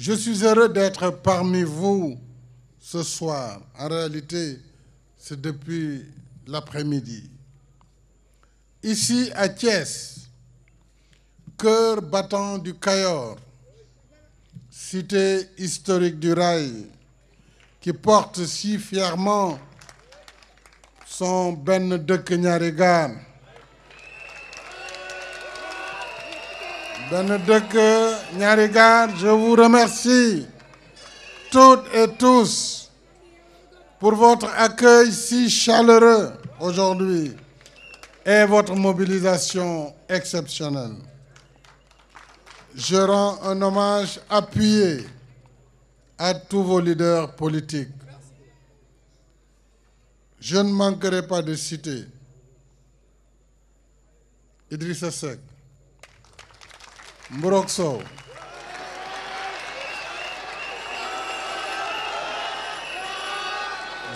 Je suis heureux d'être parmi vous ce soir. En réalité, c'est depuis l'après-midi. Ici à Thiès, cœur battant du Cayor, cité historique du rail, qui porte si fièrement son Ben de Kenyaregan. Ben de Nyarigar, je vous remercie toutes et tous pour votre accueil si chaleureux aujourd'hui et votre mobilisation exceptionnelle. Je rends un hommage appuyé à tous vos leaders politiques. Je ne manquerai pas de citer Idrissa Seck, Mbrokso,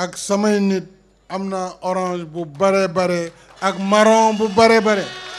ak samay nit am na orange bu bare bare ak maron bu bare bare